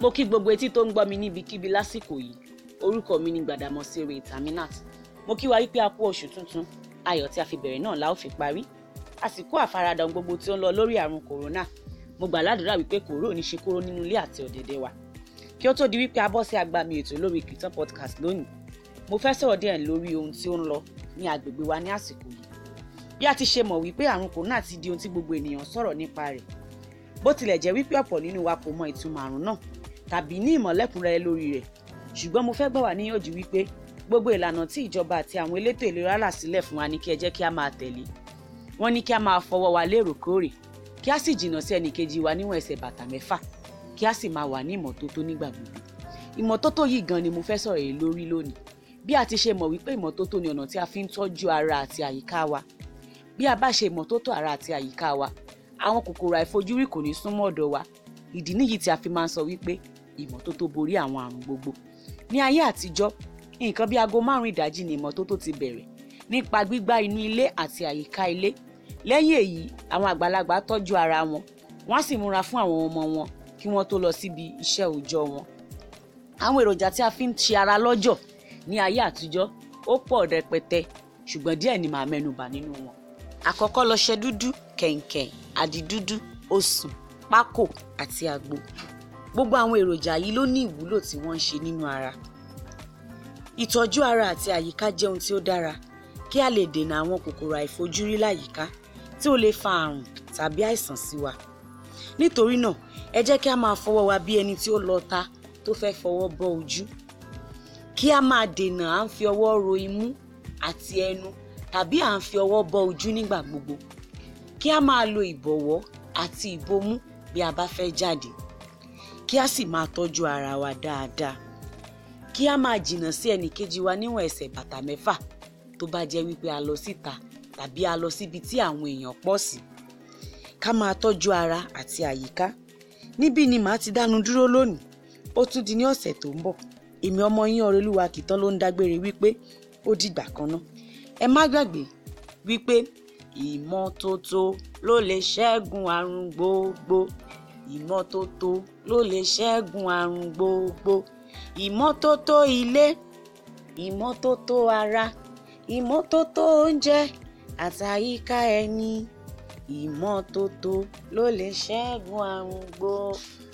mo kí gbogbo etí tó ń gbọ́ mi níbikíbi lásìkò yìí orúkọ mi ni Gbàdàmọ́sí Oore Terminat mo kí wa wípé a kú oṣù tuntun ayọ̀ tí a fi bẹ̀rẹ̀ náà la ó fi parí àsìkò àfaradà gbogbo tí ó ń lọ lórí àrùn kòrónà mo gbà ládùúrà wípé kòró ní ṣe kóró nínú ilé àti ọ̀dẹ̀dẹ̀ wa kí ó tó di wípé a sí agbami ètò lórí Kìtàn podcast lónìí mo fẹ́ sọ̀rọ̀ díẹ̀ lórí ohun tí ó ń lọ ní agbègbè wa ní àsìkò yìí bí a ti ṣe mọ̀ wípé àrùn kòrónà ti di ohun tí gbogbo ènìyàn sọ̀rọ̀ nípa rẹ̀ bó tilẹ̀ jẹ́ wípé ọ̀pọ̀ nínú wa kò mọ ìtumọ̀ àrùn náà tàbí ní ìmọ̀lẹ́kùnrẹ́rẹ́ lórí rẹ̀ ṣùgbọ́n mo fẹ́ gbà wá níyànjú wípé gbogbo ìlànà tí ìjọba àti àwọn elétò ìlera là sílẹ̀ fún wa ní kí ẹ jẹ́ kí a máa tẹ̀lé wọ́n ní kí a máa fọwọ́ wa léròkóòrè kí a sì jìnnà sí ẹnìkejì wa níwọ̀n ẹsẹ̀ bàtà mẹ́fà kí a sì máa wà ní ìmọ́tótó nígbà gbogbo ìmọ́tótó yìí gan ni mo fẹ́ sọ̀rọ̀ yìí lórí lónìí bí a ti ṣe mọ̀ wípé ìmọ́tótó ni ọ̀nà tí a fi ń tọ́jú ara àti àyíká wa bí a bá ṣe ìmọ́tótó ara àti àyíká wa àwọn kòkòrò àìfojúrí kò ní súnmọ́ ọ̀dọ̀ wa ìdí nìyí tí a fi máa ń sọ wípé ìmọ́tótó borí àwọn àrùn gbogbo ní ayé àtijọ́ nǹkan bí aago márùn ìdájí ni ìmọ́tótó ti bẹ̀rẹ̀ nípa gbígbá inú ilé àti àyíká ilé lẹ́yìn èyí àwọn àgbàlagbà tọ́jú ara wọn wọ́n á sì múra fún àwọn ọmọ wọn kí wọ́n tó lọ síbi iṣẹ́ òòjọ́ wọn àwọn èròjà tí a fi ń ṣe ara lọ́jọ̀ ní ayé àtijọ́ ó pọ̀ rẹpẹtẹ ṣùgbọ́n díẹ̀ ni màá mẹ́nubà nínú wọn àkọ́kọ́ lọ́ṣẹ dúdú kẹ̀ǹkẹ̀ àdìdúdú osùn pákò àti àgbo Gbogbo àwọn èròjà yìí ló ní ìwúlò tí wọ́n ń ṣe nínú ara. Ìtọ́jú ara àti àyíká jẹ́ ohun tí ó dára kí a lè dènà àwọn kòkòrò àìfojúrí láyìíká tí ó lè fa àrùn tàbí àìsàn sí wa. Nítorí náà, ẹ jẹ́ kí a máa fọwọ́ wa bí ẹni tí ó lọta tó fẹ́ fọwọ́ bọ́ ojú. Kí a máa dènà à ń fi ọwọ́ ro imú àti ẹnu tàbí à ń fi ọwọ́ bọ́ ojú nígbà gbogbo. Kí a máa lo ìbọ̀wọ́ àti ìbomú bí a bá fẹ́ jáde kí a sì máa tọ́jú ara wa dáadáa kí a máa jìnnà sí ẹnìkejì wa níwọ̀n ẹsẹ̀ bàtà mẹ́fà tó bá jẹ́ wípé a lọ síta tàbí a lọ síbi tí àwọn èèyàn pọ̀ sí ká máa tọ́jú ara àti àyíká níbí ni màá ti dánu dúró lónìí ó tún di ní ọ̀sẹ̀ tó ń bọ̀ èmi ọmọ yín Ọ̀rẹ́lúwa Kìtàn ló ń dágbére wípé ó dìgbà kan náà ẹ má gbàgbé wípé ìmọ́tótó ló lè ṣẹ́gun àrùn gbogbo ìmọ́tótó ló lè ṣẹ́gun àrùn gbogbo ìmọ́tótó ilé ìmọ́tótó ara ìmọ́tótó oúnjẹ àtàyíká ẹni ìmọ́tótó ló lè ṣẹ́gun àrùn gbogbo.